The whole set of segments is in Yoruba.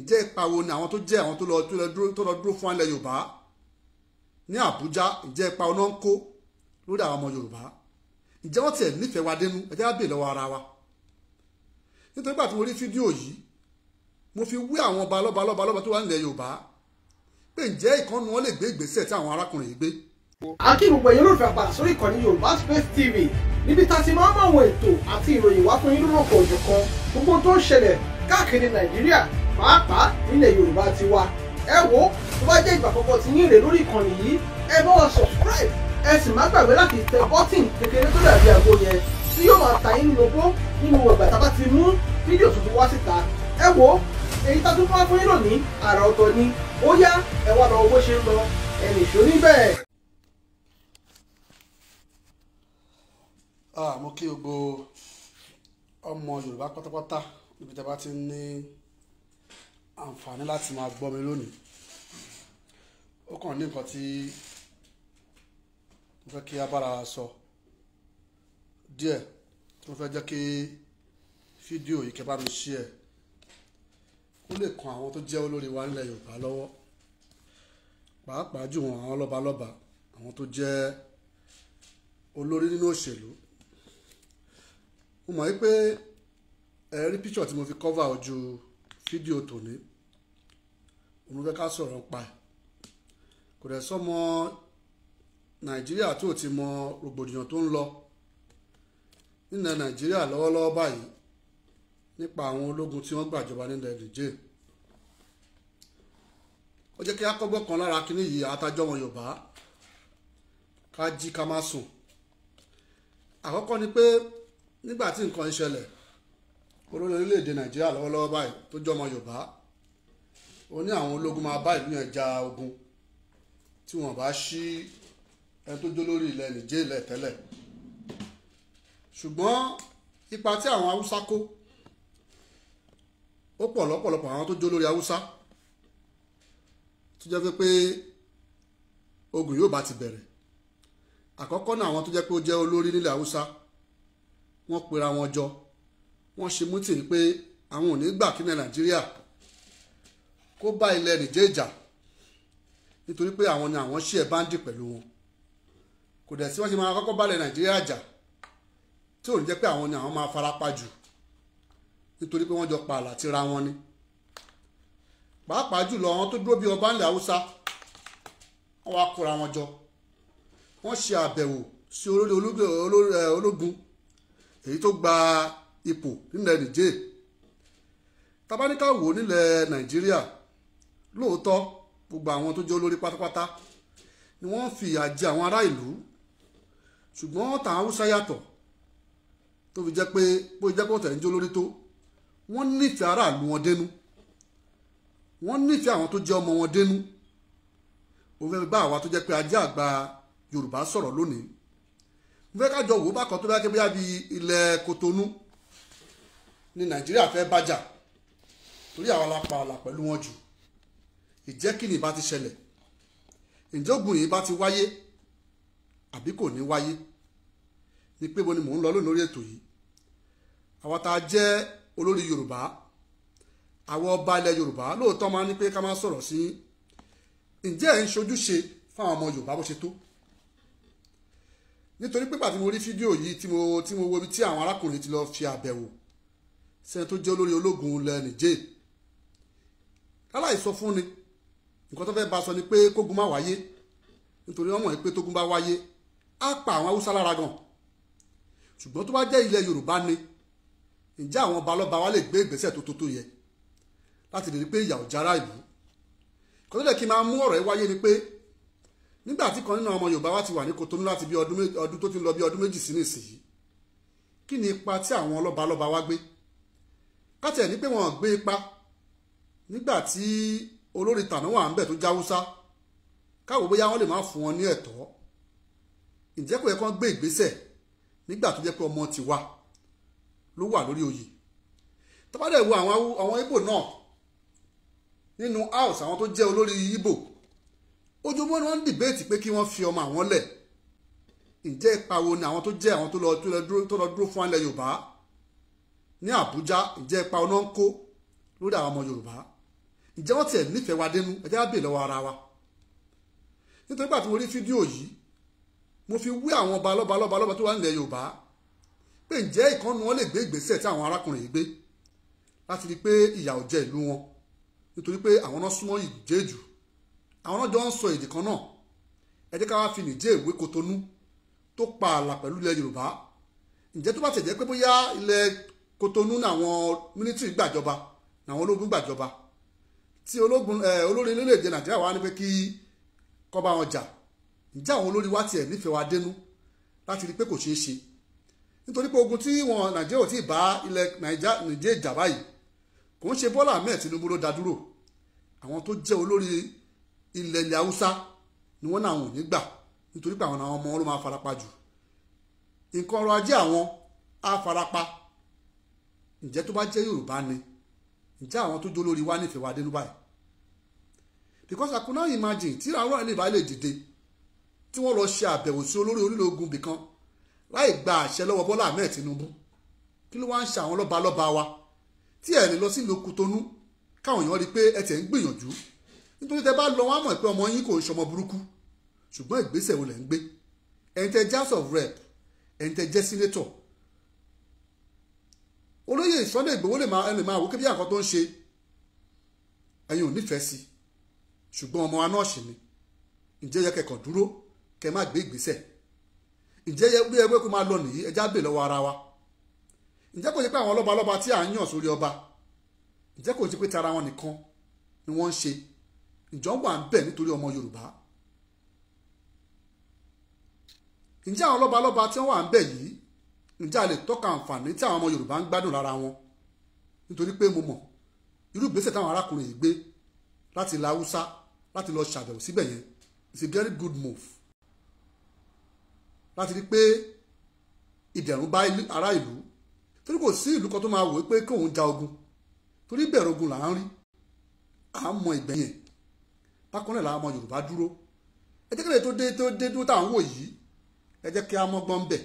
ǹjẹ́ ipa wo ni àwọn tó jẹ́ àwọn tó lọ dúró fún alẹ́ Yorùbá ní Àbújá ǹjẹ́ ipa ọ̀nà ń kó lórí àwọn ọmọ Yorùbá ǹjẹ́ wọ́n tiẹ̀ nífẹ̀ẹ́ wa dénú ẹ̀jẹ̀ á bè lọ́wọ́ ara wa nítorí pàtó mo rí fídíò yìí mo fi wí àwọn ọba lọ́ba lọ́ba lọ́ba tó wà nílẹ̀ Yorùbá pé ǹjẹ́ ìkànnì wọn lè gbé ìgbésẹ̀ tí àwọn arákùnrin yìí gbé. akí gbogbo ẹ̀yin olùfẹ́ sórí ìkànnì Yorùbá TV níbi tá a ti máa ń mọ àwọn ètò àti ìròyìn wá fún yín pàápàá nílẹ̀ yorùbá ti wa ẹ wo tó bá jẹ́ ìgbà àkọ́kọ́ tí yín rè lórí ìkànnì yìí ẹ bá wa subscribe ẹ sì má gbàgbé láti tẹ bọ́tìn kékeré tó dàbí àgbo yẹn tí yóò máa ta yín lóbó nínú ọgbà tá a bá ti mú fídíò tuntun wá síta ẹ wo èyí tá a tún fún yín lónìí àrà ọ̀tọ̀ ni ó yá ẹ wá lọ owó ṣe ń lọ ẹ nìṣó níbẹ̀. Ah, mo kí gbogbo ọmọ yorùbá pátápátá níbi tí a bá ti ní àǹfààní láti máa gbọ́ mi lónìí ó kàn ní nǹkan tí mo fẹ́ kí a bára sọ díẹ̀ tí mo fẹ́ jẹ́ kí fídíò yìí kẹ́ bá mi ṣí ẹ̀ kó lè kan àwọn tó jẹ́ olórí wa nílẹ̀ Yorùbá lọ́wọ́ pàápàá jù wọn àwọn lọ́balọ́ba àwọn tó jẹ́ olórí nínú òṣèlú mo mọ̀ wípé ẹ rí píṣọ̀ tí mo fi kọ́fà ojú fídíò tòní òun fẹ́ ká sọ̀rọ̀ pa kò dẹ̀ sọ́mọ nàìjíríà tó ti mọ rògbòdìyàn tó ń lọ nílẹ̀ nàìjíríà lọ́wọ́lọ́wọ́ báyìí nípa àwọn ológun tí wọ́n gbàjọba nílẹ̀ nìjẹ́ ó jẹ́ kí akọ́gbọ́n kan lára kínní yìí àtàjọ́ wọn yorùbá ká jí ká má sùn àkọ́kọ́ ni pé nígbà tí nǹkan ń ṣẹlẹ̀ olórí orílẹ̀-èdè nàìjíríà lọ́wọ́lọ́wọ́ báyìí tó jọmọ yorùbá ó ní àwọn ológun máa bá ìlú yẹn ja ogun tí wọ́n bá ṣí ẹni tó jó lórí ilẹ̀ nìjẹ́ ilẹ̀ tẹ́lẹ̀ ṣùgbọ́n ipa tí àwọn haúsá kó ó pọ̀ lọ́pọ̀lọpọ̀ àwọn tó jó lórí haúsá tó jẹ́ pé ogun yóò bá ti bẹ̀rẹ̀ àkọ́kọ́ náà àwọn tó jẹ́ pé ó jẹ́ olórí nílẹ̀ haúsá wọ́n pera wọn jọ wọ́n ṣe mú tì ní pé àwọn ò ní gbà kí ní nàìjíríà kó bá ilẹ̀ nìjẹ́ ìjà nítorí pé àwọn ni àwọn ṣí ẹ̀ báńdì pẹ̀lú wọn kò dẹ̀ sí wọ́n ṣe máa kọ́kọ́ bá ilẹ̀ nàìjíríà jà tí ò ní jẹ́ pé àwọn ni àwọn máa farapa jù nítorí pé wọ́n jọ pa àlà tira wọn ni pàápàá jùlọ àwọn tó dúró bí ọba ńlẹ̀ haúsá wọ́n wá kóra wọn jọ wọ́n ṣe àbẹ̀wò sí olórí ológun eh, èyí tó gba ipò nílẹ̀ nìjẹ́ tabaníkà wò nílẹ̀ nàìjíríà lóòótọ́ gbogbo àwọn tó jẹ́ olórí pátápátá ni wọ́n fi ìyà jẹ àwọn ará ìlú ṣùgbọ́n tàwọn haúsá yàtọ̀ tó fi jẹ́ pé bó jẹ́ pé ọ̀tẹ̀ ń jẹ́ olórí tó wọ́n nífẹ̀ẹ́ aráàlú wọn dénú wọ́n nífẹ̀ẹ́ àwọn tó jẹ́ ọmọ wọn dénú mo fẹ́ bá àwa tó jẹ́ pé ajé àgbà Yorùbá sọ̀rọ̀ lónìí mo fẹ́ kájọ wò bákan tó bá ké bóyá bíi ilẹ̀ Kotonu ní Nàìjíríà fẹ́ bájà torí àwa la pa àlà pẹ̀lú wọn jù ìjẹ́kìnì bá ti ṣẹlẹ̀ ìjọ́gùn yìí bá ti wáyé àbí kò ní wáyé ni pé mo ni mò ń lọ lónìí lórí ètò yìí àwa tá a jẹ́ olórí yorùbá àwọn ọba ilẹ̀ yorùbá lóòótọ́ máa ní pé ká máa sọ̀rọ̀ sí ǹjẹ́ ẹ̀ ń ṣojúṣe fáwọn ọmọ yorùbá bó ṣe tó nítorí pé pàtí mo rí fídíò yìí tí mo tí mo wo ibi tí àwọn arákùnrin ti lọ fi àbẹ̀wò sẹ́ni tó jẹ́ olórí ológun ilẹ̀ nìjẹ́ láláì sọ fún ni nǹkan tó fẹ́ bá sọ ni pé kógun má wáyé nítorí wọ́n mọ̀ pé tógun bá wáyé á pa àwọn haúsá lára gan ṣùgbọ́n tó bá jẹ́ ilẹ̀ yorùbá ni ǹjẹ́ àwọn balọ́ba wa lè gbé ìgbésẹ̀ tó tó tó yẹ láti lè rí pé ìyà ò jara ìlú nǹkan tó dẹ̀ kí n máa mú ọ̀rọ̀ yìí wáyé ni pé nígbà tí kan nínú ọmọ yorùbá wa ti wà ní Kòtónú láti bí ọdún tó ti lọ bí ọdún méjì sí nísìnyí kí ni ipa tí àwọn lọ́balọ́ba wa gbé ká ní pé wọ́n gbé ipa nígbà tí olórí tàná wà ń bẹ̀ tó jáwúsá káwọ́ bóyá wọ́n lè má fún wọn ní ẹ̀tọ́ ǹjẹ́ kò yẹ kán gbé ìgbésẹ̀ nígbà tó jẹ́ pé ọmọ ti wá ló wà lórí oyè tá bá dẹ̀ wo àwọn Ìgbò náà nínú house àwọn tó jẹ́ olórí Ìgbò ojúmọ́ ni wọ́n ń dìbéètì pé kí wọ́n fi ọmọ àwọn lẹ̀ ǹjẹ́ ìpawó ni àwọn tó jẹ́ àwọn tó lọ dúró fún alẹ́ Yorùbá ní Àbújá ǹjẹ́ ìpawó náà ń kó lórí àwọn ọmọ Yorùbá ìjẹ́ wọ́n tiẹ̀ nífẹ̀ẹ́ wa dénú ẹ̀jẹ̀ á bè lọ́wọ́ ara wa nítorí pàtó mo rí fídíò yìí mo fi wí àwọn ọba lọ́ba lọ́ba lọ́ba tó wà nílẹ̀ Yorùbá pé ǹjẹ́ ìkànnì wọn lè gbé ìgbésẹ̀ tí àwọn arákùnrin yìí gbé láti rí i pé ìyà ò jẹ ìlú wọn nítorí pé àwọn náà súnmọ́ ìjẹ́ jù àwọn náà jọ ń sọ èdè kan náà ẹ ká wá fi nìjẹ́ ìwé Kotonu tó pa ààlà pẹ̀lú ilẹ̀ Yorùbá ǹjẹ́ tó bá tẹ̀ jẹ́ pé bóyá ilẹ̀ Kotonu náà àwọn mílítírì gbàjọba náà àwọn ológun gbàjọba tí ológun eh, olórí orílẹ̀-èdè nàìjíríà wà ní kí kó bá wọn jà ǹjẹ́ àwọn olórí wa tiẹ̀ nífẹ̀ẹ́ wa dénú láti rí pé kò ṣeé ṣe nítorí pé ogun tí wọn nàìjíríà ò tí ì bá ilẹ̀ nàìjíríà jà báyìí kò ń ṣe bọ́lá ahmed tinubu ló dá dúró àwọn tó jẹ́ olórí ilẹ̀ ilẹ̀ haúsá ni wọ́n náà wò ní gbà nítorí pé àwọn àwọn ọmọ wọn ló máa farapa jù nǹkan ọrọ̀ ajé àwọn á farapa ǹjẹ́ tó bá jẹ́ yorùbá ni ǹjẹ́ àwọn tó jó lórí wa nífẹ̀ẹ́ wa dénú báyìí because I could not imagine tí àwọn ọ̀rẹ́ ìbá lè dìde tí wọ́n lọ ṣe àbẹ̀wò sí olórí onílógún bìkan láì gba àṣẹ lọ́wọ́ Bọ́lá Ahmed Tinubu kí ló wá ń ṣe àwọn lọ́ba lọ́ba wa tí ẹ̀ ní lọ sílùú Kútọ́nù káwọn èèyàn rí i pé ẹ tẹ̀ ń gbìyànjú nítorí tẹ bá lọ wọn á mọ̀ pé ọmọ yín kò ń ṣọmọ burúkú ṣùgbọ́n ìgbésẹ̀ wo lẹ̀ ń gbé ẹ̀yin tẹ jẹ́ of rep ẹ̀yin tẹ jẹ́ senator olóyè Sunday Igboho lè máa ẹlẹ́màá wò kébí àkọ́ tó ń ṣe ẹ̀yin ò nífẹ̀ẹ́ sí ṣùgbọ́n ọmọ wa ni ǹjẹ́ yẹ kẹ̀kọ́ dúró kẹ má gbé ìgbésẹ̀ ǹjẹ́ yẹ bí ẹgbẹ́ kó máa lọ nìyí ẹjá bè lọ́wọ́ ara wa ǹjẹ́ kò ṣe pé àwọn lọ́ba lọ́ba tí à ń yàn sórí ọba ǹjẹ́ kò ṣe pé tara wọn nìkan ni wọ́n ń ṣe ǹjọ́ wà ń bẹ̀ nítorí ọmọ Yorùbá ǹjẹ́ àwọn lọ́ba lọ́ba tí wọ́n wà ń bẹ̀ yìí ǹjẹ́ a lè tọ́ka àǹfààní tí àwọn ọmọ Yorùbá ń gbádùn lára wọn nítorí pé mo mọ̀ irú ìgbésẹ̀ táwọn arákùnrin yìí gbé láti la Haúsá láti lọ ṣàbẹ̀wò síbẹ̀ yẹn it's a very good move láti rí pé ìdẹ̀rùn bá ará ìlú torí kò sí ìlú kan tó máa wò pé kí òun ja ogun torí bẹ̀rù ogun là ń rí à ń mọ ìgbẹ̀yìn bákan náà làwọn ọmọ Yorùbá dúró ẹ jẹ́ kí lè tó dé tó dé dúró táwọn wò yìí ẹ jẹ́ kí a mọ́gbọ́n bẹ́ẹ̀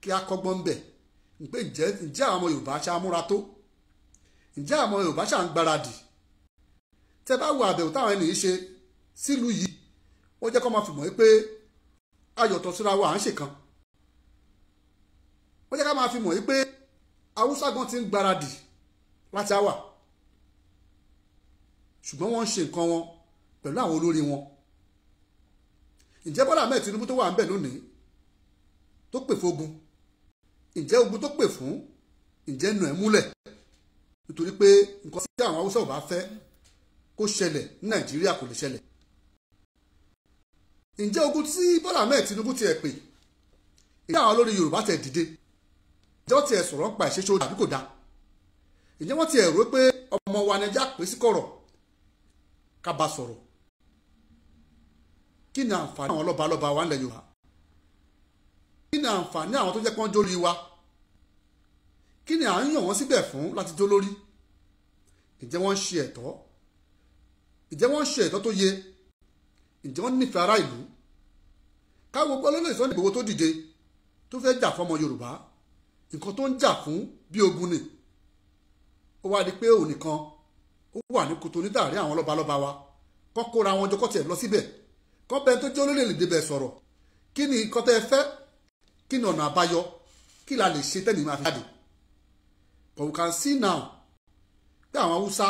kí a kọ́gbọ́n ń bẹ̀ pé ǹjẹ́ àwọn ọmọ Yorùbá ṣá múra tó ǹjẹ́ àwọn ọmọ Yorùbá ṣá ń gbáradì tẹ bá wo àbẹ̀wò táwọn ènìyàn ṣe sílùú yìí wọ́n jẹ́ kó máa fi mọ̀ pé ayọ̀tọ̀ síra wa à ń ṣèkan wọ́n jẹ́ ká máa fi pé Haúsá ti ń gbáradì láti àwà ṣùgbọ́n wọ́n ń ṣe nǹkan wọn pẹ̀lú àwọn olórí wọn ǹjẹ́ Bọ́lá Ahmed Tinubu tó wà ń bẹ̀ lónìí tó pè fógun ǹjẹ́ ogun tó pè fún ǹjẹ́ nù ẹ̀ múlẹ̀ nítorí pé nǹkan tí àwọn haúsá ò bá fẹ́ kó ṣẹlẹ̀ ní nàìjíríà kò lè ṣẹlẹ̀ ǹjẹ́ ogun tí bọ́lá ahmed tinubu tiẹ̀ pè ǹjẹ́ àwọn olórí yorùbá tẹ̀ dìde ǹjẹ́ wọ́n tiẹ̀ sọ̀rọ̀ pa ìṣeṣe ojú àbí kò dáa ǹjẹ́ wọ́n tiẹ̀ rò pé ọmọ wa nẹja pè sí kọ̀rọ̀ ká bá sọ̀rọ̀ kí ni àǹfààní àwọn lọ́balọ́ba wa ńlẹ̀ yorùbá kí ni àǹfààní àwọn tó jẹ́ pọ́njó lórí wa kí ni à ń yàn wọ́n síbẹ̀ fún láti jó lórí ǹjẹ́ wọ́n ń ṣe ẹ̀tọ́ ǹjẹ́ wọ́n ń ṣe ẹ̀tọ́ tó yẹ ǹjẹ́ wọ́n nífẹ̀ẹ́ ará ìlú káwọ olóyè Sunday Igboho tó dìde tó fẹ́ jà fọmọ Yorùbá nǹkan tó ń jà fún bí ogun ni ó wá di pé òun nìkan ó wà ní kòtò nídàrí àwọn lọ́balọ́ba wa kọ́ kóra wọn jọkọ́ tiẹ̀ lọ síbẹ̀ kọ́ bẹ́ẹ̀ tó jẹ́ olóyè lè débẹ̀ sọ̀rọ̀ kí ni nǹkan tẹ́ fẹ́ kí ni ọ̀nà àbáyọ kí la lè ṣe tẹ́ni máa fi jáde but we can see now pé àwọn haúsá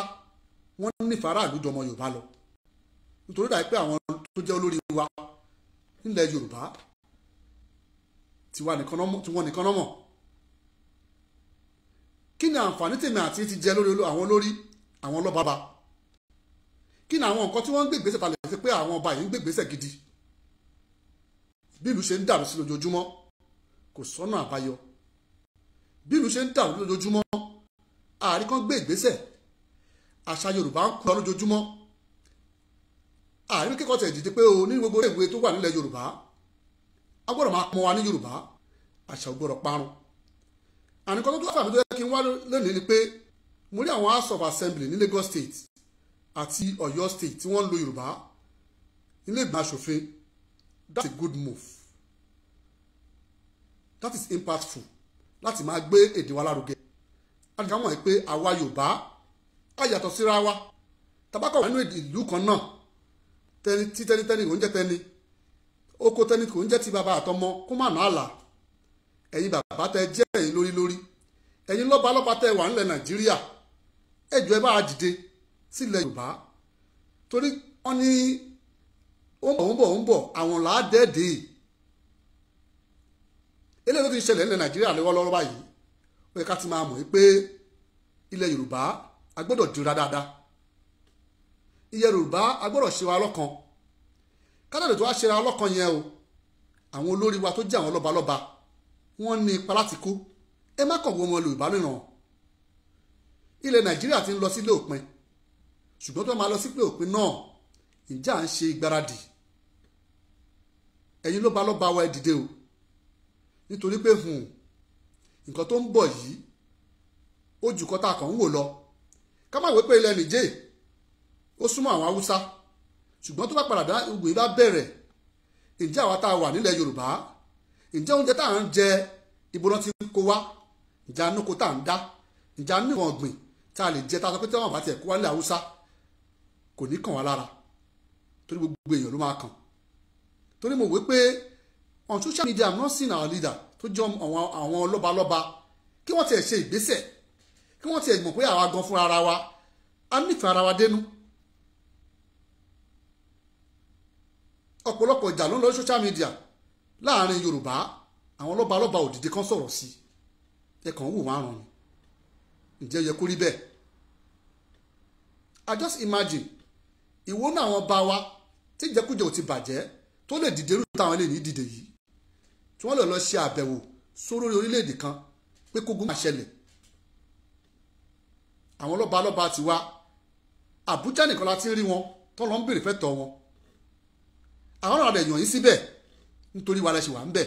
wọ́n nífẹ̀ẹ́ aráàlú jọmọ yorùbá lọ nítorí dàbí pé àwọn tó jẹ́ olórí wa nílẹ̀ yorùbá tiwọn nìkan náà mọ̀ kí ni àǹfààní tèmi àti ti jẹ lórí àwọn olórí àwọn ọlọ́bàbà kí ni àwọn nǹkan tí wọ́n ń gbé ìgbésẹ̀ talẹ̀ àti pé àwọn ọba yìí ń gbé ìgbésẹ̀ gidi bí ìlú ṣe ń dàrú sí lójoojúmọ́ kò sọ́nà àbáyọ bí ìlú ṣe ń dàrú lójoojúmọ́ ààrí kan gbé ìgbésẹ̀ àṣà yorùbá ń kú lọ lójoojúmọ́ ààrí kíkọ́ tẹ̀ dìde pé o nínú gbogbo ìwé tó wà nílẹ̀ yorùbá a gbọ́dọ̀ máa pọn wa ní yorùbá àṣà ò gbọ́dọ̀ parun àníkan tó tó àfàmì tó yẹ kí n wá lónìí ni pé mo rí àwọn house of assembly ní lagos state àti ọ̀yọ́ state tí wọ́n ń lo yorùbá nílé ìgbà aṣòfin that's a good move that is impactful láti máa gbé èdè wa lárugẹ àti káwọn mọ̀ pé àwa Yorùbá á yàtọ̀ síra wa tabakọ̀ wà nínú ìlú kan náà tẹni tí tẹnitẹni kò ń jẹ́ tẹni oko tẹni kò ń jẹ́ ti bàbá àtọmọ kó má nà á là ẹ̀yin bàbá tẹ jẹ́ ẹ̀yin lórí lórí ẹ̀yin lọ́ba lọ́ba tẹ wà nílẹ̀ Nàìjíríà ẹ̀jọ̀ ẹ bá a dìde sílẹ̀ Yorùbá torí wọ́n ní ó ń bọ̀ ó ń bọ̀ ó ń bọ̀ àwọn làá dẹ́ẹ̀dẹ́ eléyìí tó ti ṣẹlẹ̀ nílẹ̀ Nàìjíríà lọ́wọ́lọ́wọ́ báyìí ó yẹ ká ti máa mọ̀ pé ilẹ̀ yorùbá a gbọ́dọ̀ dira dáadáa ilẹ̀ yorùbá a gbọ́dọ̀ ṣe wa lọ́kan kádàdé tó wá ṣe ra lọ́kan yẹn o àwọn olórí wa tó jẹ́ àwọn lọ́balọ́ba wọ́n ní ipa láti kú ẹ má kọ̀wé ọmọ yorùbá mìíràn ilẹ̀ nàìjíríà ti ń lọ sílé òpin ṣùgbọ́n tó máa lọ sílé òpin náà ìjà ń ṣe ìgbáradì ẹ̀yin ló ba lọ́ba wa ẹ̀ dìde o nítorí pé hùn nǹkan tó ń bọ̀ yìí ó jù kọ́tà kan ń wò lọ ká má wé pé ilẹ̀ nìjẹ́ ó súnmọ́ àwọn haúsá ṣùgbọ́n tó bá padà dá ogun yìí bá bẹ̀rẹ̀ ǹjẹ́ àwa tá a wà nílẹ̀ yorùbá ǹjẹ́ oúnjẹ tá à ń jẹ ibo náà ti kó wá ǹjẹ́ anúkó tá à ń dá ǹjẹ́ anúkó ọ̀gbìn tá a lè jẹ tá a sọ pé tí wọ́n bá tiẹ̀ kó wá nílẹ̀ haúsá kò ní kàn wá lára torí gbogbo èèyàn ló máa kàn torí mo wé pé on social media i'm not seeing our leader tó jọ àwọn àwọn lọ́balọ́ba kí wọ́n tiẹ̀ ṣe ìgbésẹ̀ kí wọ́n tiẹ̀ mọ̀ pé àwa gan fúnra ara wa a nífẹ̀ẹ́ ara wa dénú. ọ̀pọ̀lọpọ̀ ìjà ló ń lọ social media láàrin Yorùbá àwọn lọ́balọ́ba òdìdí kan sọ̀rọ̀ sí ẹ kàn ń wò wọ́n àrùn ǹjẹ́ yẹ kó rí bẹ́ẹ̀ I just imagine ìwọ náà àwọn bá wa tí ìjẹkújẹ ò ti bàjẹ́ tó lè dìde irú táwọn eléyìí dìde yìí tí wọ́n lọ lọ ṣe àbẹ̀wò sórí orílẹ̀-èdè kan pé kógun máa ṣẹlẹ̀ àwọn ọlọ́ba ọlọ́ba ti wá Àbújá nìkan la ti ń rí wọn tó lọ ń béèrè fẹ́ tọ́ wọn àwọn ọ̀rọ̀ ẹ̀yàn yín síbẹ̀ nítorí wa lẹ́sìn wà ń bẹ̀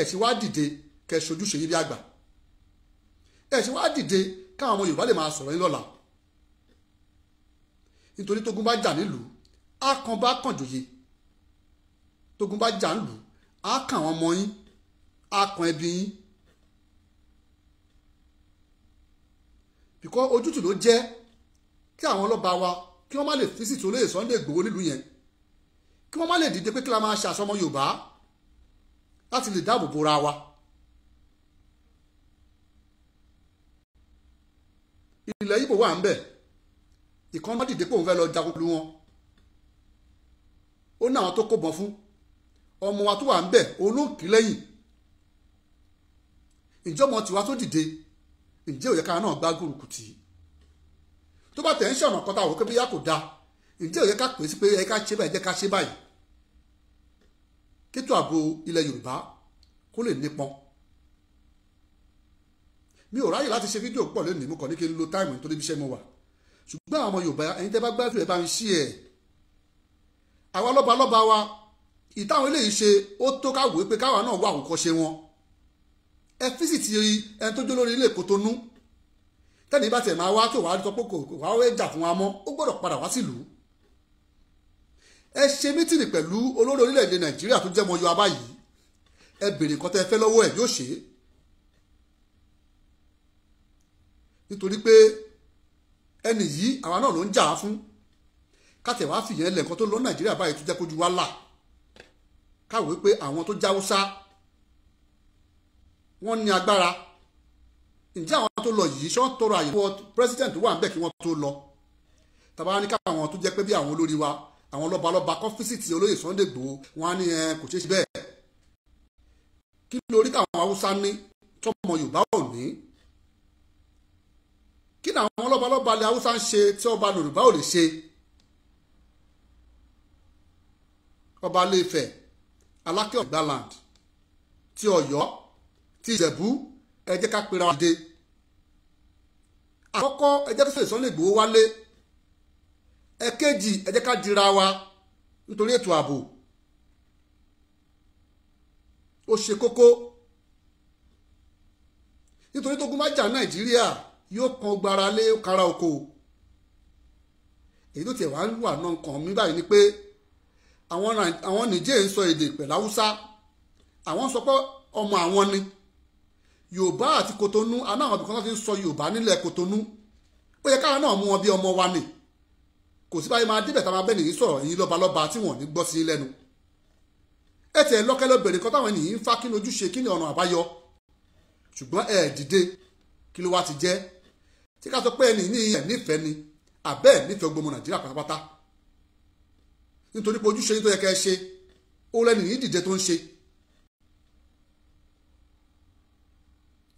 ẹ̀ sì wá dìde kẹ́ ṣojúṣe yín bí àgbà ẹ̀ sì wá dìde káwọn ọmọ Yorùbá lè máa sọ̀rọ̀ yín lọ́la nítorí tógun bá jà nílùú á kan bá kàn jòyè tógun bá jà nílùú á kàn wọ́n mọ́ yín á kàn ẹbí yín bìkọ́ ojútùú ló jẹ́ kí àwọn ọlọ́ba wa kí wọ́n má lè fi sìtò lóye Sunday Igboho nílùú yẹn kí wọ́n má lè dìde pé kí la máa ṣe àṣọmọ Yorùbá láti lè dáàbò bora wa. ilẹ̀ Ìgbò wà ń bẹ̀ ìkànnì dìde pé òun fẹ́ lọ jagun pẹ̀lú wọn ó ní àwọn tó kó bọ̀ fún ọmọ wa tó wà ń bẹ̀ olóǹkì lẹ́yìn ǹjẹ́ ọmọ tiwa tó dìde ǹjẹ́ òye kára náà gbá gùrùkù tì í tó bá tẹ̀ ń ṣọ̀nà kan táwọn kébíyà kò dáa ǹjẹ́ òye ká pè sí pé ẹ ká ṣe báyìí jẹ́ ká ṣe báyìí kí ètò ààbò ilẹ̀ Yorùbá kó lè nípọn mi ò ráyè láti ṣe fídíò pọ̀ lónìí mo kàn ní kí n lo táìmù nítorí bí iṣẹ́ mo wà ṣùgbọ́n àwọn ọmọ Yorùbá ẹni tẹ́ bá gbádùn ẹ̀ bá ń ṣí ẹ̀ àwa lọ́balọ́ba wa ìtàwọn eléyìí ṣe ó tó káwé pé káwa náà wà àwòkọ́ṣe wọn ẹ físìtì ẹni tó jó lórí ilé Kòtónú tẹ́ni bá tiẹ̀ máa wá tó wàá rí tọ́pọ̀ kò wàá wẹ́ jà fún wa mọ́ ó gbọ́dọ̀ padà wá sílùú ẹ ṣe mítìnì pẹ̀lú olórí orílẹ̀-èdè Nàìjíríà tó jẹ́ mọ́ Yorùbá yìí ẹ bèrè nǹkan tẹ́ ẹ fẹ́ lọ́wọ́ ẹ̀ yóò ṣe é nítorí pé ẹnì yìí àwa náà ló ń jà á fún kátẹ̀wá fìyẹn lẹ̀ nǹkan tó lọ Nàìjíríà báyìí tó jẹ́ kójú wa là káwé pé àwọn tó jáwúsá wọ́n ní agbára ǹjẹ́ àwọn tó lọ yìí ṣọ́ ń tọrọ àyè president wà ń bẹ̀ kí wọ́n tó lọ tàbá ní káwọn tó jẹ́ pé bí àwọn olórí wa àwọn lọ́balọ́ba kọ́fíìsìtì olóyè Sunday Igboho wọn á ní ẹ kò ṣeé ṣe bẹ́ẹ̀ kí lórí táwọn haúsá ní tọmọ Yorùbá ò ní kí ni àwọn lọ́balọ́ba ilẹ̀ haúsá ń ṣe tí ọba Yorùbá ò lè ṣe ọba Ilé Ifẹ̀ aláké ọ̀gbàland ti ọ̀yọ́ ti ìjẹ̀bú ẹ jẹ́ ká pera dìde àkọ́kọ́ ẹ jẹ́ kí Sunday Sunday Igboho wálé ẹ̀kejì ẹ jẹ́ ká dira wa nítorí ètò ààbò ó ṣe kókó nítorí tógun bá jà Nàìjíríà yóò kan gbára lé kára oko èyí tó tiẹ̀ wá ń wà náà kàn mí báyìí ni pé àwọn nìjẹ́ ń sọ èdè pẹ̀lú haúsá àwọn sọ pé ọmọ àwọn ni yorùbá àti kotonu aláwọn ibìkan náà ti ń sọ yorùbá nílẹ̀ kotonu ó yẹ káwọn náà mú wọn bí ọmọ wa ni kò sí báyìí máa débẹ̀ tá a máa bẹ́ nìyí sọ̀rọ̀ yìí lọ́balọ́ba tí wọ́n ní gbọ́ sí lẹ́nu ẹ tiẹ̀ lọ́kẹ́ lóbìnrin kan táwọn ènìyàn ń fa kí ni ojúṣe kí ni ọ̀nà àbáyọ ṣùgbọ́n ẹ dìde kí ló wá ti jẹ́ tí ká sọ pé ẹni ní ẹ̀ nífẹ̀ẹ́ ni àbẹ́ẹ̀ nífẹ̀ẹ́ gbọmọ nàìjíríà pátápátá nítorí pé ojúṣe yín tó yẹ ká ẹ ṣe ó lẹ́nu yìí dìde tó ń ṣe.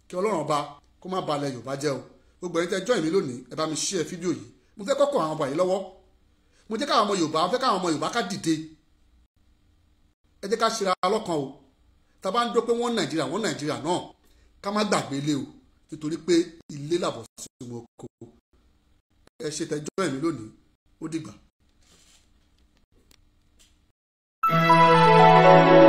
kí ọlọ́run ọba kó má balẹ̀ yorùbá jẹ́ o gbogbo ẹni tẹ́ join mi lónìí ẹ bá mi share fídíò yìí mo fẹ́ kọ́kọ́ àwọn ọba yìí lọ́wọ́ mo jẹ́ káwọn ọmọ yorùbá mo fẹ́ káwọn ọmọ yorùbá ká dìde ẹ jẹ́ ká ṣera lọ́kàn o tá a bá ń dó pé wọ́n nàìjíríà wọ́n nàìjíríà náà ká má gbàgbé ilé o nítorí pé ilé làbọ̀ sí ọmọ oko ẹ ṣe tẹ́ join mi lónìí ó dìgbà. Música